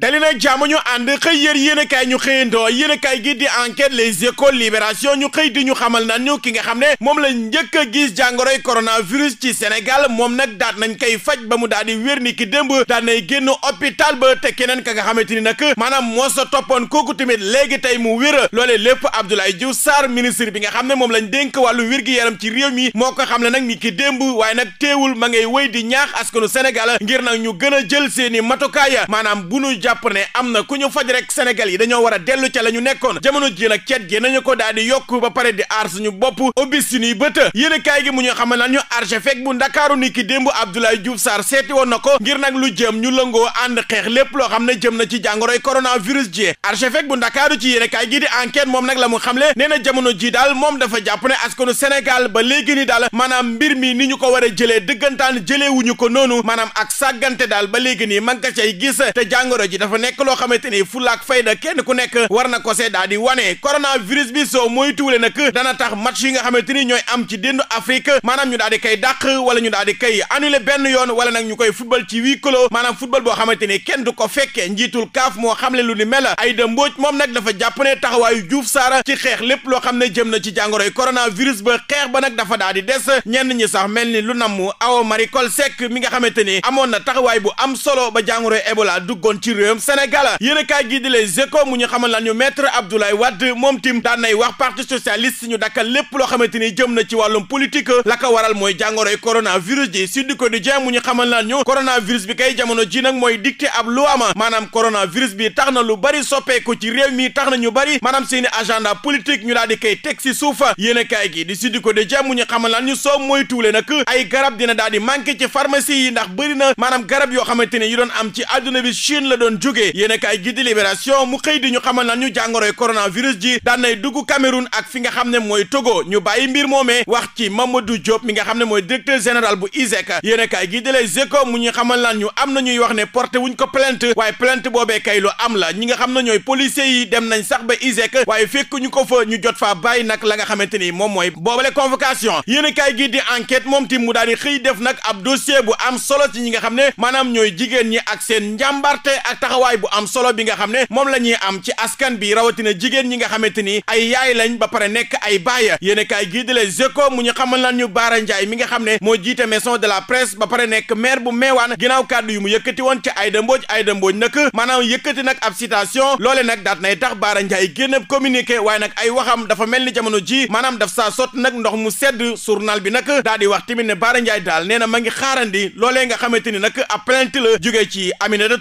dali nag jàmm ñu ànd xëy yër yéene a kaay ñu xëyandoo yéen a kaay gi di enquête les écoles libération ñu xëy di ñu xamal nan ñu ki nga xam ne moom la njëkk a gis jàngoroy coronavirus ci Sénégal moom nag daat nañ koy faj ba mu daal di wér ni ki démb daat nay génn hôpital ba te keneen ka nga xamante ni nag maanaam moo sa toppoon kooku tamit léegi tey mu wér loolee lépp Abdoulaye jiw saar ministre bi nga xam ne moom lañ dénk wàllu wér gi yaram ci réew moo ko xam ne nag ni ki démb waaye nag teewul ma ngay wéy di ñaax askanu Sénégal ngir nag ñu gën a jël seeni matukaay maanaam jàpp ne am na ku ñu faj rek Sénégal yi dañoo war a dellu ca la ñu nekkoon jamono ji nag cet gi nañu ko daal di yokk ba pare di aar suñu bopp ubbi suñuy bët yéen kaay gi mu ñu xam lan ñu archevêque bu ndakaaru ni ki démb Abdoulaye Diouf Sarr seeti woon na ko ngir nag lu jëm ñu lëngoo ànd xeex lépp loo xam ne jëm na ci jàngoroy coronavirus ji archevêque bu ndakaaru ci yéen kaay gi di enquête moom nag la mu xamle nee na jamono ji daal moom dafa jàpp ne askanu Sénégal ba léegi ni daal maanaam mbir mi ni ñu ko war a jëlee dëggantaan jëleewuñu ko noonu maanaam ak sàggante ba léegi nii man ka cay te jàngoro ji dafa nekk loo xamante ni fulaak fayda kenn ku nekk war na ko se daal di wane coronavirus bi soo moytuwule nag dana tax match yi nga xamante ni ñooy am ci déndu Afrique maanaam ñu daal di koy dàq wala ñu daal di koy annulé benn yoon wala nag ñu koy football ci huis clos maanaam football boo xamante ni kenn du ko fekke njiitul kaaf moo xamle lu ni ay Aïda Mbodj moom nag dafa jàpp ne taxawaayu Diouf Sarr ci xeex lépp loo xam ne jëm na ci jàngoroy coronavirus ba xeex ba nag dafa daal di des ñenn ñi sax mel ni lu namm Awa Marie Coll mi nga xamante ni amoon na taxawaay bu am solo ba jàngoroy Ebola duggoon ci réewum Sénégal yéen a gi di Les Échos mu ñu xamal lan ñu maître Abdoulaye Wade moom tim daan wax parti socialiste ñu dakkal lépp loo xamante ni jëm na ci wàllum politique la waral mooy jàngoroy coronavirus ji Sud Quotidien mu ñu xamal lan ñu coronavirus bi kay jamono ji nag mooy dicté ab luwaama maanaam coronavirus bi tax na lu bari soppeeku ci réew mi tax na ñu bari maanaam seeni agenda politique ñu daal di koy teg si suufa yéen a gi di Sud Quotidien mu ñu xamal lan ñu soo moytuwule nag ay garab dina daal di manqué ci pharmacie yi ndax bëri na maanaam garab yoo xamante ni yu doon am ci àdduna bi Chine la doon daan jógee yéen kaay gi di libération mu xëy di ñu xamal naan ñu jàngoroy coronavirus ji daan nay dugg Cameroun ak fi nga xam ne mooy Togo ñu bàyyi mbir moomee wax ci Mamadou Diop mi nga xam ne mooy directeur général bu ISEC yéen kaay gi di Les mu ñu xamal naan ñu am na ñuy wax ne porté wuñ ko plainte waaye plainte boobe kay lu am la ñi nga xam ne ñooy policiers yi dem nañ sax ba ISEC waaye fekk ñu ko fa ñu jot faa bàyyi nag la nga xamante ni moom mooy boobale convocation yéen kaay gi di enquête moom ti mu daal di xëy def nag ab dossier bu am solo ci ñi nga xam ne maanaam ñooy jigéen ñi ak seen njàmbarte ak taxawaay bu am solo bi nga xam ne moom la ñuy am ci askan bi rawatina jigéen ñi nga xamante ni ay yaay lañ ba pare nekk ay baaya yéen kaay gii di Les Échos mu ñu xamal lan ñu Baara Ndiaye mi nga xam ne moo jiite maison de la presse ba pare nekk maire bu meewaan ginnaaw kàddu yu mu yëkkati woon ci Aïda Mbodj Aïda Mbodj nag maanaam yëkkati nag ab citation loole nag daat nay tax Baara Ndiaye génn communiqué waaye nag ay waxam dafa mel ni jamono ji maanaam daf saa sott nag ndox mu sedd journal bi nag daal di wax tamit ne Baara Ndiaye nee na ma ngi xaarandi loolee nga xamante ni nag ab plainte la jógee ci Aminata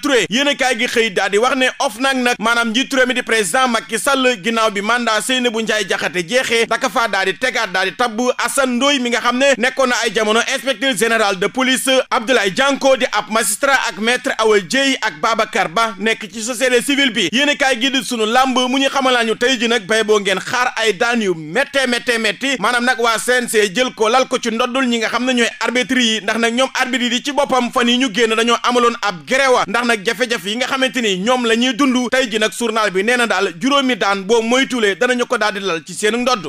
kaay gi xëy daal di wax ne OFNAC nag maanaam njiitu réew mi di président Macky Sall ginnaaw bi mandat Seynabou Ndiaye Diakhaté jeexee daka faa daal di tegaat daal di tabb Assane Ndoye mi nga xam ne nekkoon na ay jamono inspecteur général de police Abdoulaye Dianko di ab magistrat ak maître Awal Dieye ak Babacar Ba nekk ci société civile bi yéen kaay gi di sunu làmb mu ñu xamal ñu tey ji nag bay boo ngeen xaar ay daan yu méttee méttee métti maanaam nag waa CNC jël ko lal ko ci ndoddul ñi nga xam ne ñooy arbitre yi ndax nag ñoom arbitre yi ci boppam fan yi ñu génn dañoo amaloon ab gréwa ndax nag jafe-jafe yi nga xamante ni ñoom la ñuy dund tey ji nag journal bi nee na daal juróomi daan boo moytuwulee danañu ko daal di lal ci seen ndodd